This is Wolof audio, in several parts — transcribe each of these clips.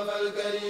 المصطفى الكريم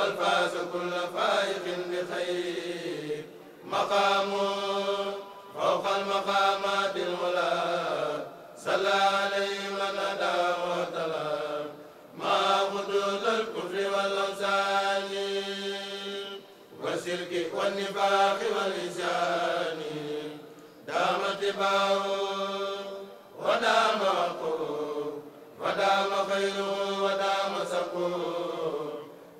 بل فاز كل فائق بخير مقام فوق المقامات العلا صلى عليه من أدى وتلا ما حدود الكفر والأوثان والسلك والنفاق والإنسان دام اتباعه ودام عقوه ودام خيره